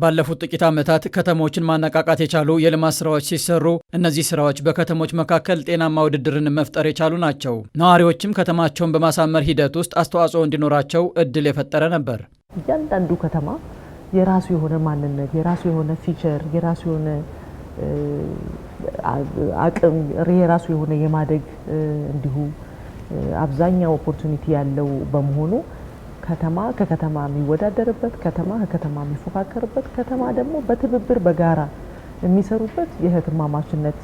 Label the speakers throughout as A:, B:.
A: ባለፉት ጥቂት ዓመታት ከተሞችን ማነቃቃት የቻሉ የልማት ስራዎች ሲሰሩ እነዚህ ስራዎች በከተሞች መካከል ጤናማ ውድድርን መፍጠር የቻሉ ናቸው። ነዋሪዎችም ከተማቸውን በማሳመር ሂደት ውስጥ አስተዋጽኦ እንዲኖራቸው እድል የፈጠረ ነበር።
B: እያንዳንዱ ከተማ የራሱ የሆነ ማንነት፣ የራሱ የሆነ ፊቸር፣ የራሱ የሆነ አቅም፣ የራሱ የሆነ የማደግ እንዲሁ አብዛኛው ኦፖርቹኒቲ ያለው በመሆኑ ከተማ ከከተማ የሚወዳደርበት፣ ከተማ ከከተማ የሚፎካከርበት፣ ከተማ ደግሞ በትብብር በጋራ የሚሰሩበት የእህትማማችነት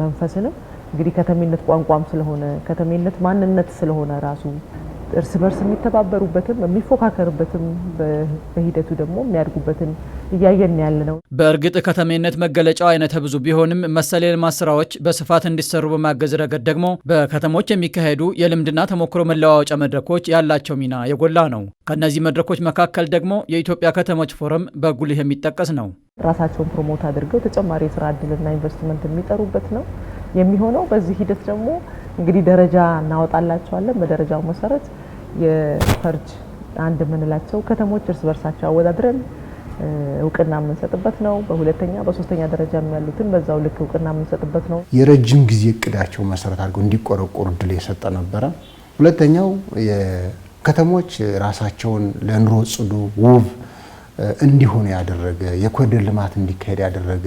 B: መንፈስንም እንግዲህ ከተሜነት ቋንቋም ስለሆነ ከተሜነት ማንነት ስለሆነ ራሱ እርስ በርስ የሚተባበሩበትም የሚፎካከርበትም በሂደቱ ደግሞ የሚያድጉበትን እያየን ያለ ነው።
A: በእርግጥ ከተሜነት መገለጫው አይነተ ብዙ ቢሆንም መሰል የልማት ስራዎች በስፋት እንዲሰሩ በማገዝ ረገድ ደግሞ በከተሞች የሚካሄዱ የልምድና ተሞክሮ መለዋወጫ መድረኮች ያላቸው ሚና የጎላ ነው። ከእነዚህ መድረኮች መካከል ደግሞ የኢትዮጵያ ከተሞች ፎረም በጉልህ የሚጠቀስ ነው።
B: ራሳቸውን ፕሮሞት አድርገው ተጨማሪ የስራ እድልና ኢንቨስትመንት የሚጠሩበት ነው የሚሆነው። በዚህ ሂደት ደግሞ እንግዲህ ደረጃ እናወጣላቸዋለን። በደረጃው መሰረት የፈርጅ አንድ የምንላቸው ከተሞች እርስ በርሳቸው አወዳድረን እውቅና የምንሰጥበት ነው። በሁለተኛ በሶስተኛ ደረጃ ያሉትን በዛው ልክ እውቅና የምንሰጥበት ነው።
C: የረጅም ጊዜ እቅዳቸው መሰረት አድርገው እንዲቆረቆሩ እድል የሰጠ ነበረ። ሁለተኛው ከተሞች ራሳቸውን ለኑሮ ጽዱ፣ ውብ እንዲሆኑ ያደረገ የኮሪደር ልማት እንዲካሄድ ያደረገ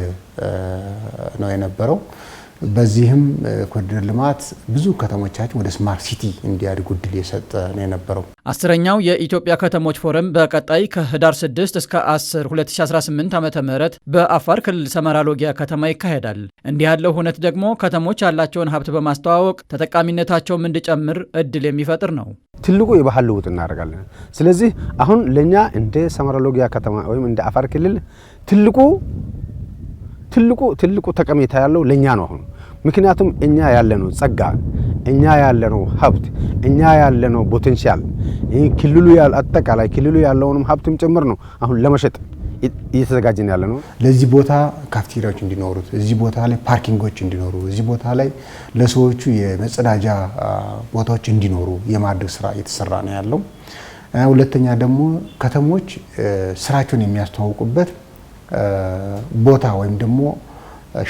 C: ነው የነበረው። በዚህም ኮሪደር ልማት ብዙ ከተሞቻችን ወደ ስማርት ሲቲ እንዲያድጉ እድል የሰጠ ነው የነበረው።
A: አስረኛው የኢትዮጵያ ከተሞች ፎረም በቀጣይ ከህዳር 6 እስከ 10 2018 ዓ ም በአፋር ክልል ሰመራ ሎጊያ ከተማ ይካሄዳል። እንዲህ ያለው ሁነት ደግሞ ከተሞች ያላቸውን ሀብት በማስተዋወቅ ተጠቃሚነታቸውም እንዲጨምር እድል የሚፈጥር ነው።
D: ትልቁ የባህል ልውጥ እናደርጋለን። ስለዚህ አሁን ለእኛ እንደ ሰመራ ሎጊያ ከተማ ወይም እንደ አፋር ክልል ትልቁ ትልቁ ትልቁ ጠቀሜታ ያለው ለእኛ ነው አሁን ምክንያቱም እኛ ያለነው ጸጋ፣ እኛ ያለነው ሀብት፣ እኛ ያለነው ፖቴንሻል ክልሉ አጠቃላይ ክልሉ ያለውንም ሀብትም ጭምር ነው አሁን ለመሸጥ እየተዘጋጀን ያለ ነው።
C: ለዚህ ቦታ ካፍቴሪያዎች እንዲኖሩት፣ እዚህ ቦታ ላይ ፓርኪንጎች እንዲኖሩ፣ እዚህ ቦታ ላይ ለሰዎቹ የመጸዳጃ ቦታዎች እንዲኖሩ የማድረግ ስራ እየተሰራ ነው ያለው። ሁለተኛ ደግሞ ከተሞች ስራቸውን የሚያስተዋውቁበት ቦታ ወይም ደግሞ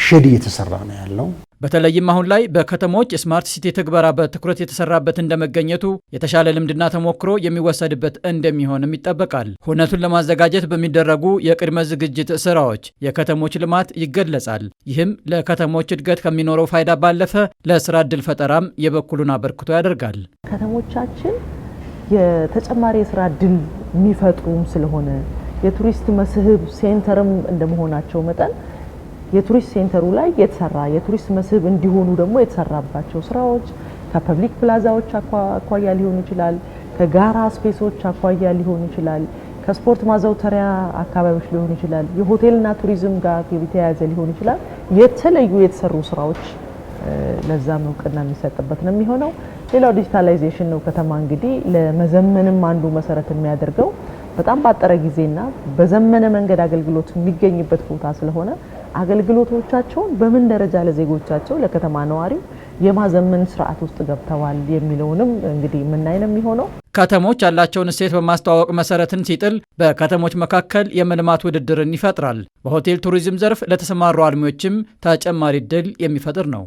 C: ሼድ እየተሰራ ነው ያለው።
A: በተለይም አሁን ላይ በከተሞች ስማርት ሲቲ ትግበራ በትኩረት የተሰራበት እንደመገኘቱ የተሻለ ልምድና ተሞክሮ የሚወሰድበት እንደሚሆንም ይጠበቃል። ሁነቱን ለማዘጋጀት በሚደረጉ የቅድመ ዝግጅት ስራዎች የከተሞች ልማት ይገለጻል። ይህም ለከተሞች እድገት ከሚኖረው ፋይዳ ባለፈ ለስራ እድል ፈጠራም የበኩሉን አበርክቶ ያደርጋል።
B: ከተሞቻችን የተጨማሪ የስራ እድል የሚፈጥሩም ስለሆነ የቱሪስት መስህብ ሴንተርም እንደመሆናቸው መጠን የቱሪስት ሴንተሩ ላይ የተሰራ የቱሪስት መስህብ እንዲሆኑ ደግሞ የተሰራባቸው ስራዎች ከፐብሊክ ፕላዛዎች አኳያ ሊሆን ይችላል፣ ከጋራ ስፔሶች አኳያ ሊሆን ይችላል፣ ከስፖርት ማዘውተሪያ አካባቢዎች ሊሆን ይችላል፣ የሆቴልና ቱሪዝም ጋር የተያያዘ ሊሆን ይችላል። የተለዩ የተሰሩ ስራዎች ለዛም እውቅና የሚሰጥበት ነው የሚሆነው። ሌላው ዲጂታላይዜሽን ነው። ከተማ እንግዲህ ለመዘመንም አንዱ መሰረት የሚያደርገው በጣም ባጠረ ጊዜና በዘመነ መንገድ አገልግሎት የሚገኝበት ቦታ ስለሆነ አገልግሎቶቻቸውን በምን ደረጃ ለዜጎቻቸው ለከተማ ነዋሪው የማዘመን ስርዓት ውስጥ ገብተዋል የሚለውንም እንግዲህ የምናይ ነው የሚሆነው።
A: ከተሞች ያላቸውን እሴት በማስተዋወቅ መሰረትን ሲጥል በከተሞች መካከል የመልማት ውድድርን ይፈጥራል። በሆቴል ቱሪዝም ዘርፍ ለተሰማሩ አልሚዎችም ተጨማሪ እድል የሚፈጥር ነው።